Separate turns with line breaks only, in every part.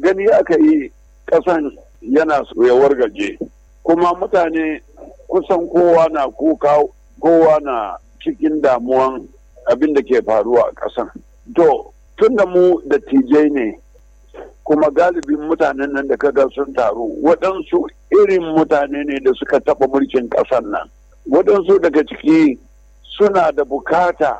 gani aka yi ƙasan yana ya wargaje kuma mutane kusan kowa na kuka kowa na cikin damuwan abin da ke faruwa a ƙasan to tun da mu da ne kuma galibin mutanen nan da kaga sun taru waɗansu irin mutane ne da suka taɓa mulkin ƙasar nan waɗansu daga ciki suna da bukata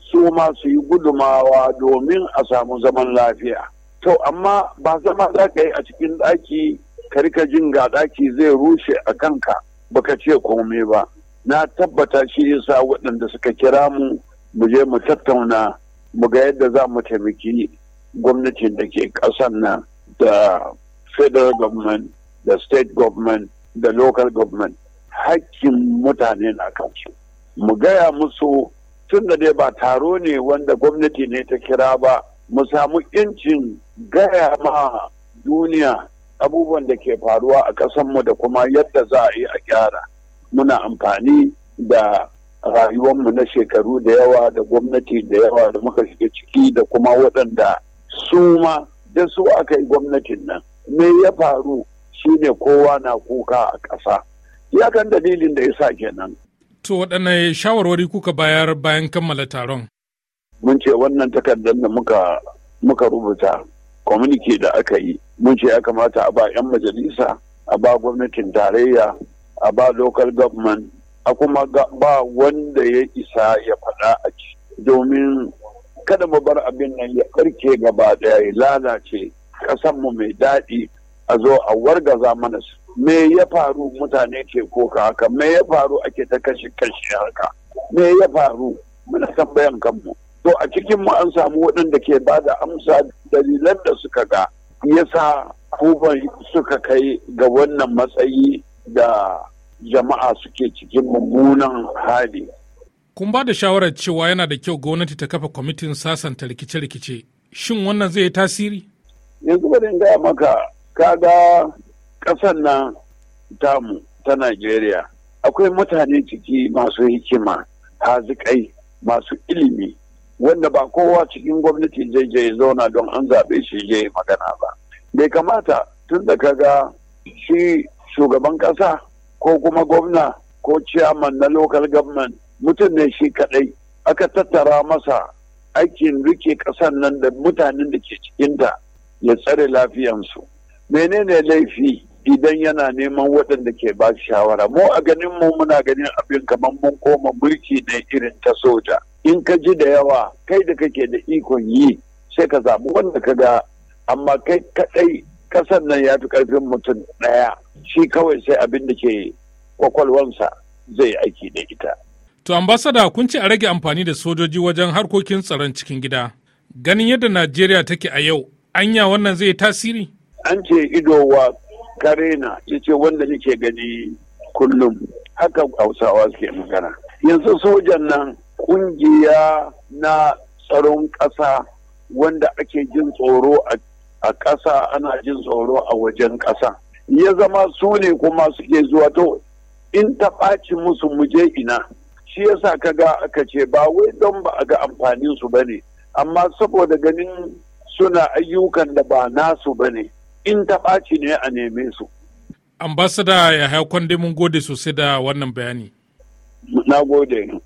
su ma su yi gudumawa domin a samu zaman lafiya to amma ba zama za ka yi a cikin ɗaki karka jin ga ɗaki zai rushe a kanka ka ce komai ba na tabbata shi yasa waɗanda suka kira mu mu je mu tattauna mu ga yadda za mu taimaki gwamnatin da ke ƙasan nan da federal government da state government da local government hakkin mutane na kansu mu gaya musu tun da dai ba taro ne wanda gwamnati ne ta kira ba mu samu incin gaya ma duniya abubuwan da ke faruwa a ƙasanmu da kuma yadda za a yi a gyara muna amfani da rayuwanmu na shekaru da yawa da gwamnati da yawa da muka shiga ciki da kuma waɗanda su ma da su aka yi gwamnatin nan me ya faru shine kowa na kuka a ƙasa iyakan dalilin da ya sa kenan
to waɗanne shawarwari kuka bayar bayan kammala taron
mun ce wannan takardar da muka rubuta communique da aka yi mun ce ya kamata a ba 'yan majalisa a ba gwamnatin tarayya a ba local government a kuma ba wanda ya isa ya faɗa a ci domin kada mu bar abin nan ya karke gaba daya ya lalace mu mai daɗi a zo a wargaza mana su me ya faru mutane ke koka haka me ya faru ake ta kashe kashe haka me ya faru muna tambayan kanmu to a cikin mu an samu waɗanda ke ba da amsa dalilan da suka ga yasa abubuwan suka kai ga wannan matsayi da jama'a suke cikin mummunan hali.
Kun ba da shawarar cewa yana da kyau gwamnati ta kafa kwamitin sasanta rikice-rikice. Shin wannan zai yi tasiri? Yanzu ba
gaya maka kaga ƙasar nan tamu ta Najeriya. Akwai mutane ciki masu hikima, haziƙai, masu ilimi, wanda ba kowa cikin gwamnati zai je zauna don an zaɓe shi je magana ba bai kamata tun da kaga shi shugaban ƙasa ko kuma gwamna ko ciyaman na local government mutum ne shi kaɗai aka tattara masa aikin rike ƙasan nan da mutanen da ke cikinta ya tsare lafiyansu menene laifi idan yana neman waɗanda ke ba shawara mu a ganin mu muna ganin abin kamar mun koma mulki ne irin ta soja in ka ji da yawa kai da kake da ikon yi sai ka zaɓi wanda ka ga amma kai kaɗai kasan nan ya fi ƙarfin mutum ɗaya shi kawai sai abin da ke kwakwalwansa zai aiki da ita.
To ambasada kun ce a rage amfani da sojoji wajen harkokin tsaron cikin gida. Ganin yadda Najeriya take a yau, anya wannan zai tasiri?
An ce ido wa karena ya ce wanda nake gani kullum haka hausawa suke magana. Yanzu sojan nan kungiya na tsaron ƙasa wanda ake jin tsoro a ƙasa ana jin tsoro a wajen ƙasa ya zama su ne kuma suke zuwa to in ta ɓaci musu muje ina shi yasa ga, aka ce ba wai don ba a ga amfanin su bane amma saboda ganin suna ayyukan da ba nasu bane in ta ɓaci ne a neme su
ambasada ya haikon mun gode sosai da wannan bayani
na gode